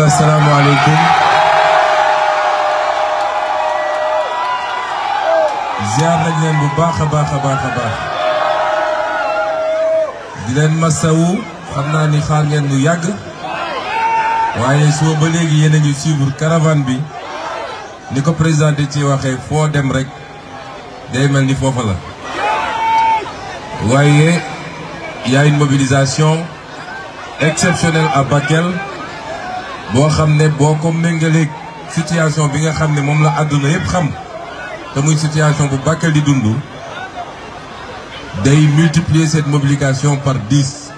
la asalaamaaleykum leen bu baax a baax a baax xam naa ni xaar ngeen lu yàgg waaye suba ba léegi yéen a ngi suivre bi ni ko président ci waxee foo dem rek day mel ni foofa la waaye y a mobilisation exceptionnelle à Bakel Bon, xam ne boo situation bi nga xamné mom la aduna yépp xam te muy situation bu Bakel di dundou day multiplier cette mobilisation par 10.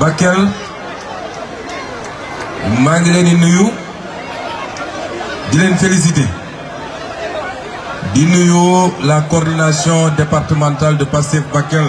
Bakel ma ngi leen je nuyu di leen féliciter di nuyu la coordination départementale de PASSEF Bakel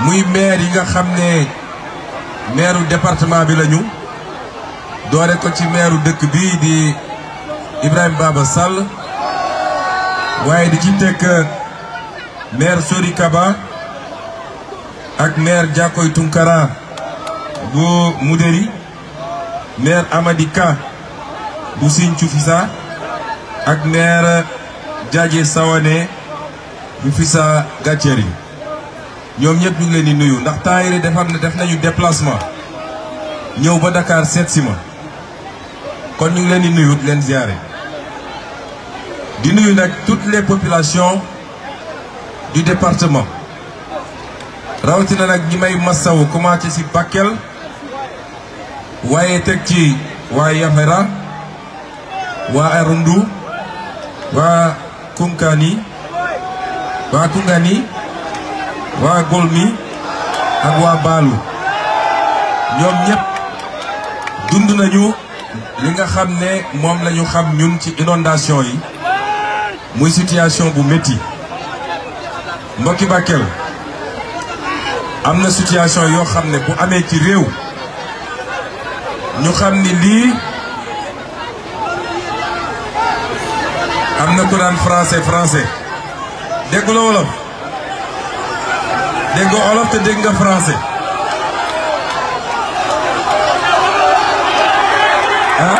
muy maire yi nga xam ne maireu département bi lañu doore ko ci meeru dëkk bi di Ibrahima Baba Sall waaye di ci teg maire Sori Kaba ak maire Diakoy Tunkara bu Moudéri maire Amady bu Sinthiou Fissa ak maire Diadje Sawane bu Fissa Gàcceer Nous sommes ñu ngi leen nuyu ndax na def nañu déplacement ñëw ba Dakar 7 sima Nous kon ñu ngi leen nuyu toutes les populations du département sommes nak ñi may Nous commencé si Bakel waaye Nous ci Arundu waa Golmi ak waa Baalu ñoom ñëpp dund nañu li nga xam ne moom lañu ñu xam ñun ci inondation yi muy situation bu métti mbokki Bakel am na situation yoo xam ne bu amee ci réew ñu xam ni lii am na ku naan français français dégg la wolof dégg on a français hein?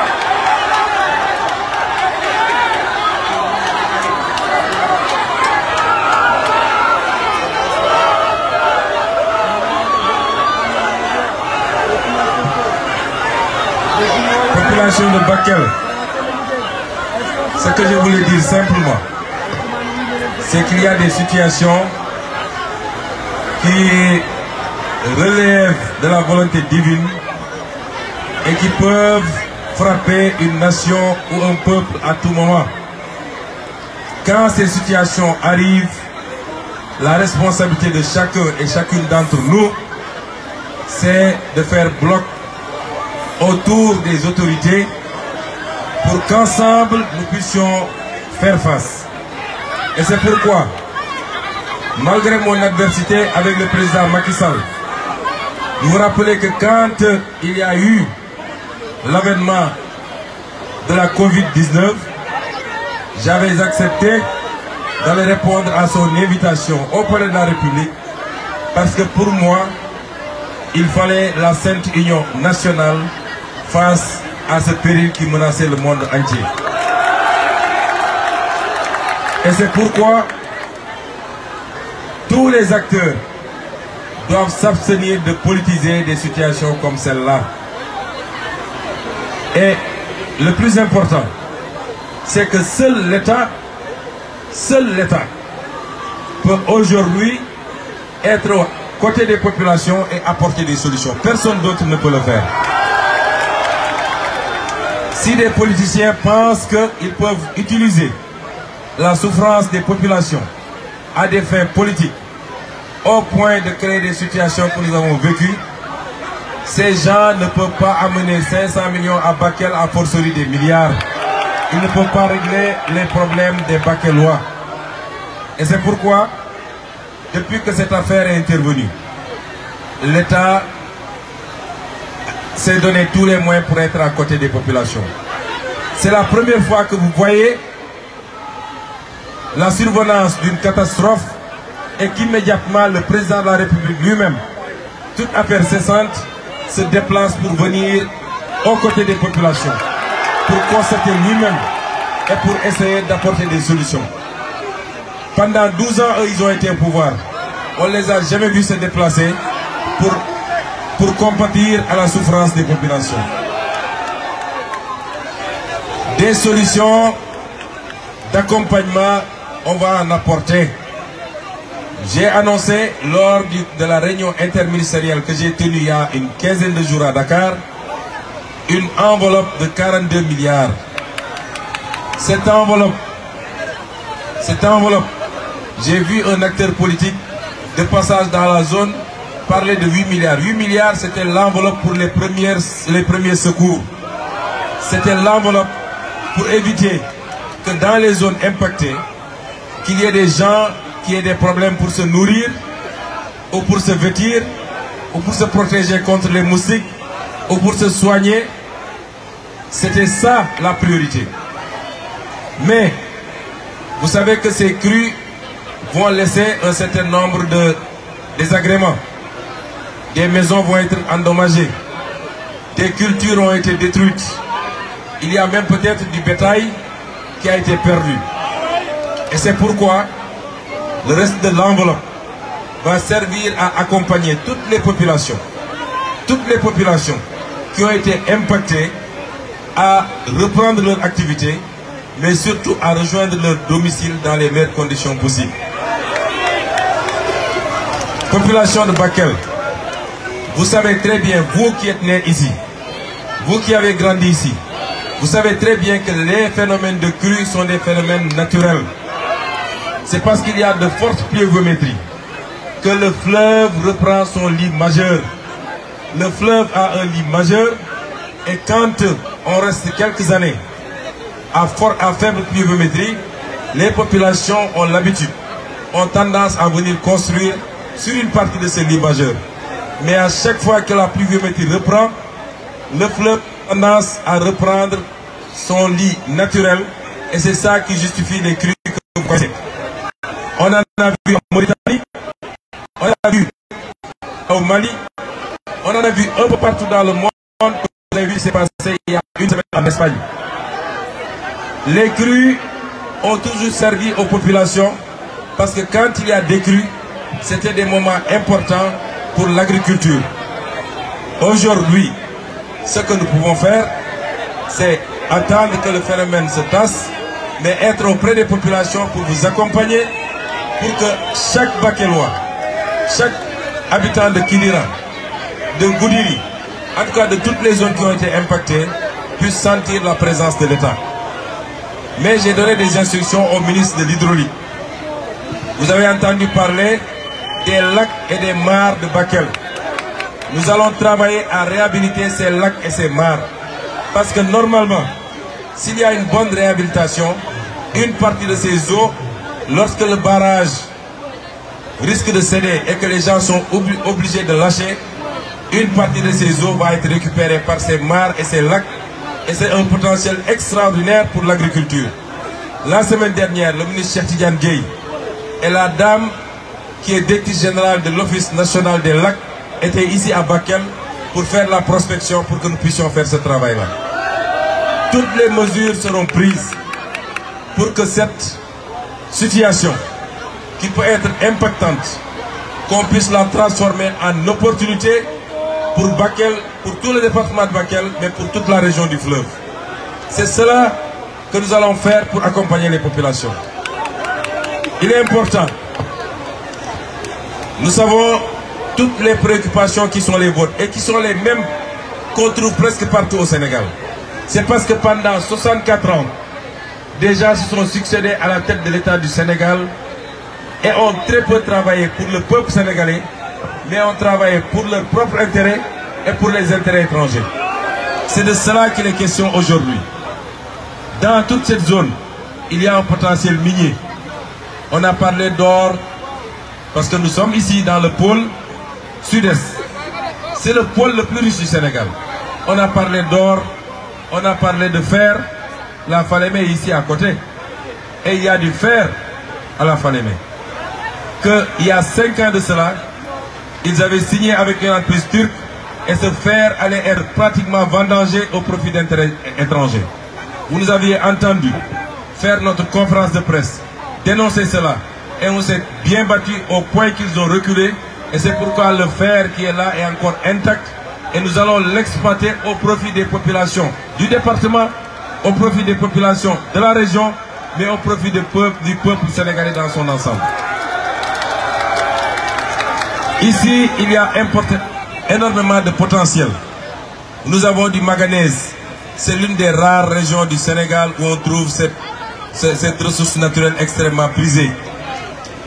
population de Bakel ce que je voulais dire simplement c'est qu'il y a des situations qui relèvent de la volonté divine et qui peuvent frapper une nation ou un peuple à tout moment. Quand ces situations arrivent, la responsabilité de chacun et chacune d'entre nous, c'est de faire bloc autour des autorités pour qu'ensemble nous puissions faire face. Et c'est pourquoi malgré mon adversité avec le président Macky Sall, vous rappelez que quand il y a eu l'avènement de la Covid-19, j'avais accepté d'aller répondre à son invitation au palais de la République parce que pour moi, il fallait la sainte union nationale face à ce péril qui menaçait le monde entier. Et c'est pourquoi tous les acteurs doivent s'abstenir de politiser des situations comme celle-là. Et le plus important, c'est que seul l'État, seul l'État peut aujourd'hui être aux côtés des populations et apporter des solutions. Personne d'autre ne peut le faire. Si des politiciens pensent qu'ils peuvent utiliser la souffrance des populations à des fins politiques, au point de créer des situations que nous avons vécues, ces gens ne peuvent pas amener 500 millions à Bakel à forcerie des milliards. Ils ne peuvent pas régler les problèmes des Bakelois. Et c'est pourquoi, depuis que cette affaire est intervenue, l'État s'est donné tous les moyens pour être à côté des populations. C'est la première fois que vous voyez la survenance d'une catastrophe et qu'immédiatement le président de la République lui-même, toute affaire cessante, se déplace pour venir aux côtés des populations, pour constater lui-même et pour essayer d'apporter des solutions. Pendant 12 ans, eux, ils ont été au pouvoir. On ne les a jamais vus se déplacer pour, pour compatir à la souffrance des populations. Des solutions d'accompagnement on va en apporter. J'ai annoncé lors de la réunion interministérielle que j'ai tenue il y a une quinzaine de jours à Dakar, une enveloppe de 42 milliards. Cette enveloppe, cette enveloppe, j'ai vu un acteur politique de passage dans la zone parler de 8 milliards. 8 milliards, c'était l'enveloppe pour les, premières, les premiers secours. C'était l'enveloppe pour éviter que dans les zones impactées, qu'il y ait des gens qui aient des problèmes pour se nourrir, ou pour se vêtir, ou pour se protéger contre les moustiques, ou pour se soigner. C'était ça la priorité. Mais, vous savez que ces crues vont laisser un certain nombre de désagréments. Des maisons vont être endommagées. Des cultures ont été détruites. Il y a même peut-être du bétail qui a été perdu. Et c'est pourquoi le reste de l'enveloppe va servir à accompagner toutes les populations, toutes les populations qui ont été impactées à reprendre leur activité, mais surtout à rejoindre leur domicile dans les meilleures conditions possibles. Population de Bakel, vous savez très bien, vous qui êtes nés ici, vous qui avez grandi ici, vous savez très bien que les phénomènes de crue sont des phénomènes naturels c'est parce qu'il y a de fortes pluviométries que le fleuve reprend son lit majeur. Le fleuve a un lit majeur et quand on reste quelques années à, fort, à faible pluviométrie, les populations ont l'habitude, ont tendance à venir construire sur une partie de ce lit majeur. Mais à chaque fois que la pluviométrie reprend, le fleuve a tendance à reprendre son lit naturel et c'est ça qui justifie les crues. On en a vu en Mauritanie, on en a vu au Mali, on en a vu un peu partout dans le monde. on l'a vu s'est passé il y a une semaine en Espagne. Les crues ont toujours servi aux populations parce que quand il y a des crues, c'était des moments importants pour l'agriculture. Aujourd'hui, ce que nous pouvons faire, c'est attendre que le phénomène se passe, mais être auprès des populations pour vous accompagner pour que chaque Bakelois, chaque habitant de Kilira, de Goudiri, en tout cas de toutes les zones qui ont été impactées, puissent sentir la présence de l'État. Mais j'ai donné des instructions au ministre de l'Hydraulique. Vous avez entendu parler des lacs et des mares de Bakel. Nous allons travailler à réhabiliter ces lacs et ces mares. Parce que normalement, s'il y a une bonne réhabilitation, une partie de ces eaux lorsque le barrage risque de céder et que les gens sont obligés de lâcher, une partie de ces eaux va être récupérée par ces mares et ces lacs et c'est un potentiel extraordinaire pour l'agriculture. La semaine dernière, le ministre Cheikh Gueye et la dame qui est directrice générale de l'Office national des lacs étaient ici à Bakel pour faire la prospection pour que nous puissions faire ce travail-là. Toutes les mesures seront prises pour que cette situation qui peut être impactante, qu'on puisse la transformer en opportunité pour Bakel, pour tout le département de Bakel, mais pour toute la région du fleuve. C'est cela que nous allons faire pour accompagner les populations. Il est important. Nous savons toutes les préoccupations qui sont les vôtres et qui sont les mêmes qu'on trouve presque partout au Sénégal. C'est parce que pendant 64 ans, Déjà, se sont succédés à la tête de l'État du Sénégal et ont très peu travaillé pour le peuple sénégalais, mais ont travaillé pour leurs propre intérêt et pour les intérêts étrangers. C'est de cela qu'il est question aujourd'hui. Dans toute cette zone, il y a un potentiel minier. On a parlé d'or parce que nous sommes ici dans le pôle sud-est. C'est le pôle le plus riche du Sénégal. On a parlé d'or, on a parlé de fer, la Falémé est ici à côté. Et il y a du fer à la Falémé. Qu'il y a cinq ans de cela, ils avaient signé avec une entreprise turque et ce fer allait être pratiquement vendangé au profit d'intérêts étrangers. Vous nous aviez entendu faire notre conférence de presse, dénoncer cela. Et on s'est bien battu au point qu'ils ont reculé. Et c'est pourquoi le fer qui est là est encore intact. Et nous allons l'exploiter au profit des populations du département au profit des populations de la région, mais au profit du peuple, du peuple sénégalais dans son ensemble. Ici, il y a énormément de potentiel. Nous avons du manganèse. C'est l'une des rares régions du Sénégal où on trouve cette, cette ressource naturelle extrêmement prisée.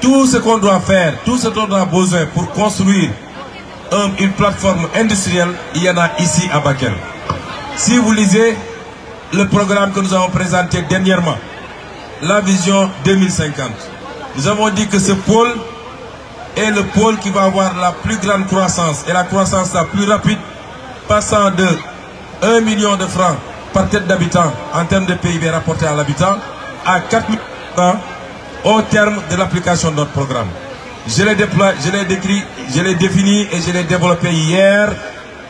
Tout ce qu'on doit faire, tout ce dont on a besoin pour construire une plateforme industrielle, il y en a ici à Bakel. Si vous lisez le programme que nous avons présenté dernièrement, la vision 2050. Nous avons dit que ce pôle est le pôle qui va avoir la plus grande croissance et la croissance la plus rapide, passant de 1 million de francs par tête d'habitant en termes de PIB rapporté à l'habitant à 4 millions de francs au terme de l'application de notre programme. Je l'ai je décrit, je l'ai défini et je l'ai développé hier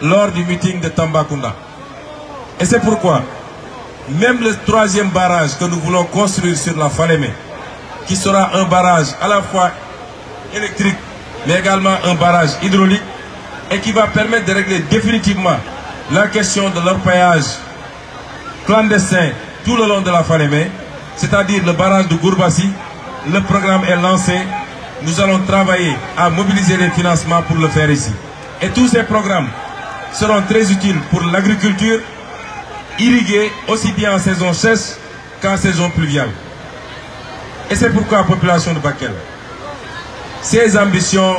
lors du meeting de Tambacounda. Et c'est pourquoi même le troisième barrage que nous voulons construire sur la Falémé, qui sera un barrage à la fois électrique, mais également un barrage hydraulique, et qui va permettre de régler définitivement la question de l'orpaillage clandestin tout le long de la Falémé, c'est-à-dire le barrage de Gourbassi. Le programme est lancé. Nous allons travailler à mobiliser les financements pour le faire ici. Et tous ces programmes seront très utiles pour l'agriculture, irrigués aussi bien en saison sèche qu'en saison pluviale. Et c'est pourquoi la population de Bakel, ses ambitions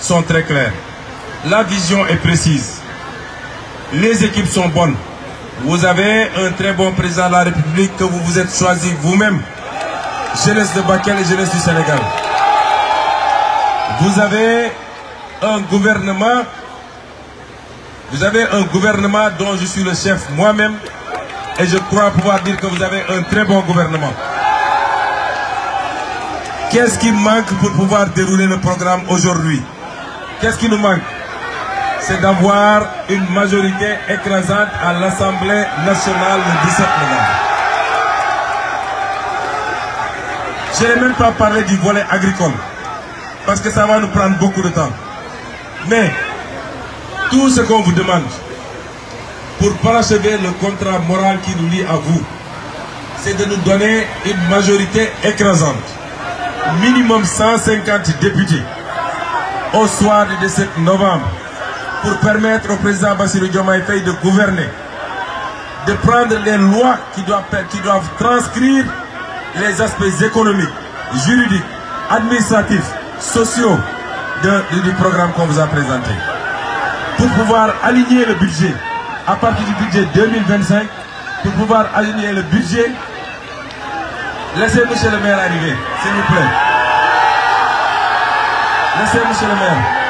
sont très claires. La vision est précise. Les équipes sont bonnes. Vous avez un très bon président de la République que vous vous êtes choisi vous-même. Jeunesse de Bakel et jeunesse du Sénégal. Vous avez un gouvernement vous avez un gouvernement dont je suis le chef moi-même et je crois pouvoir dire que vous avez un très bon gouvernement. Qu'est-ce qui manque pour pouvoir dérouler le programme aujourd'hui Qu'est-ce qui nous manque C'est d'avoir une majorité écrasante à l'Assemblée nationale le 17 novembre. Je n'ai même pas parlé du volet agricole, parce que ça va nous prendre beaucoup de temps. Mais tout ce qu'on vous demande pour parachever le contrat moral qui nous lie à vous, c'est de nous donner une majorité écrasante, minimum 150 députés, au soir du 17 novembre, pour permettre au président Bassirou Diomaye de gouverner, de prendre les lois qui doivent, transcrire les aspects économiques, juridiques, administratifs, sociaux du programme qu'on vous a présenté pour pouvoir aligner le budget à partir du budget 2025 pour pouvoir aligner le budget. Laissez monsieur le maire arriver, s'il vous plaît. Laissez monsieur le maire.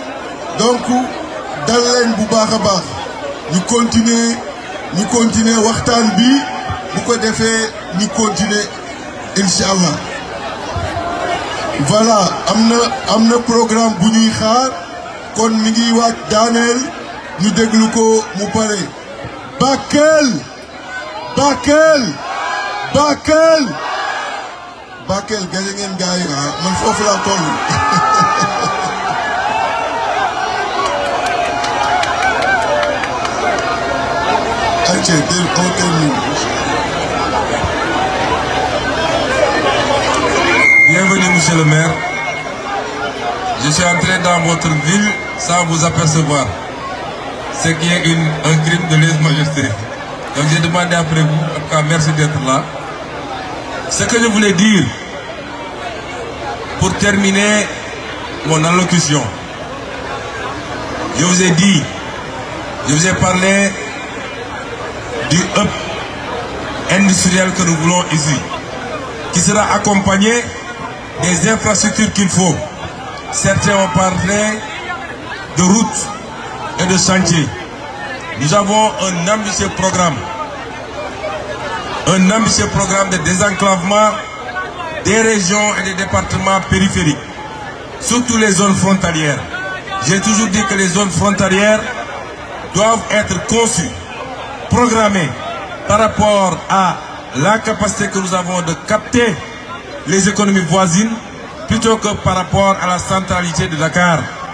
donc dal bu baakha baax ñu continuer ñu continuer waxtaan bi bu ko defee ñu continuer incha allah voilà amna amna programme bu ñuy xaar kon mi ngi waaj daaneel ñu déglu ko mu paré Bakel Bakel Bakel Bakel gaje ngeen gars yi ah, man foofu la toll Bienvenue, monsieur le maire. Je suis entré dans votre ville sans vous apercevoir. Ce qui est une, un crime de lèse-majesté. Donc j'ai demandé après vous, en cas merci d'être là. Ce que je voulais dire, pour terminer mon allocution, je vous ai dit, je vous ai parlé du hub industriel que nous voulons ici, qui sera accompagné des infrastructures qu'il faut. Certains ont parlé de routes et de chantiers. Nous avons un ambitieux programme, un ambitieux programme de désenclavement des régions et des départements périphériques, surtout les zones frontalières. J'ai toujours dit que les zones frontalières doivent être conçues Programmé par rapport à la capacité que nous avons de capter les économies voisines plutôt que par rapport à la centralité de Dakar.